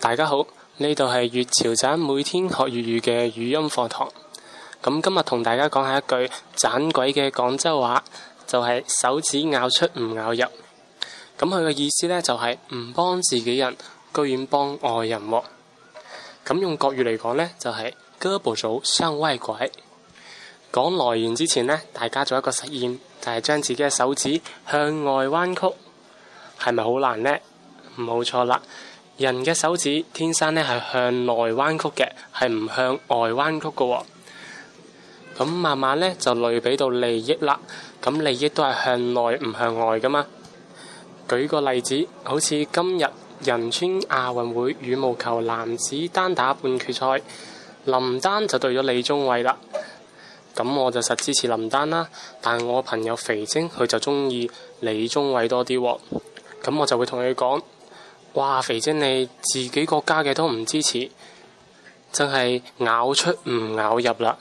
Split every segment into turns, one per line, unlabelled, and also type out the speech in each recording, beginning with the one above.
大家好，呢度係粵潮盞，每天學粵語嘅語音課堂。咁今日同大家講下一句盞鬼嘅廣州話，就係、是、手指拗出唔拗入。咁佢嘅意思呢，就係唔幫自己人，居然幫外人。咁用國語嚟講呢，就係胳膊肘往外拐。講來源之前呢，大家做一個實驗，就係、是、將自己嘅手指向外彎曲，係咪好難呢？冇錯啦。人嘅手指天生咧係向內彎曲嘅，係唔向外彎曲嘅喎、哦。咁慢慢咧就類比到利益啦。咁利益都係向內唔向外噶嘛。舉個例子，好似今日仁川亞運會羽毛球男子單打半決賽，林丹就對咗李宗偉啦。咁我就實支持林丹啦，但我朋友肥精佢就中意李宗偉多啲喎、哦。咁我就會同佢講。哇！肥姐，你自己國家嘅都唔支持，真係拗出唔拗入啦。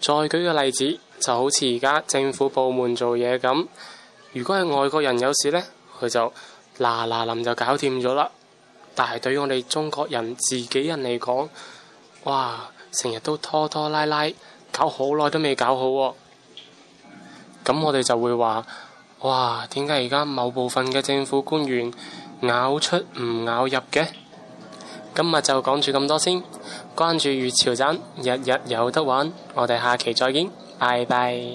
再舉個例子，就好似而家政府部門做嘢咁，如果係外國人有事呢，佢就嗱嗱臨就搞掂咗啦。但係對於我哋中國人自己人嚟講，哇，成日都拖拖拉拉，搞好耐都未搞好喎、哦。咁我哋就會話：哇，點解而家某部分嘅政府官員？拗出唔拗入嘅，今日就講住咁多先。關注粵潮棧，日日有得玩。我哋下期再見，拜拜。